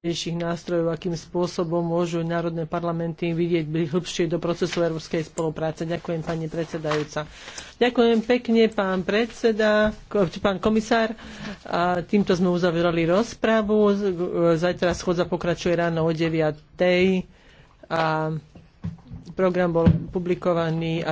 najdôležitejších nástrojov, akým spôsobom môžu národné parlamenty vidieť hĺbšie do procesu európskej spolupráce. Ďakujem, pani predsedajúca. Ďakujem pekne, pán predseda, pán komisár. A týmto sme uzavreli rozpravu. Zajtra schodza pokračuje ráno o 9.00. A program bol publikovaný aj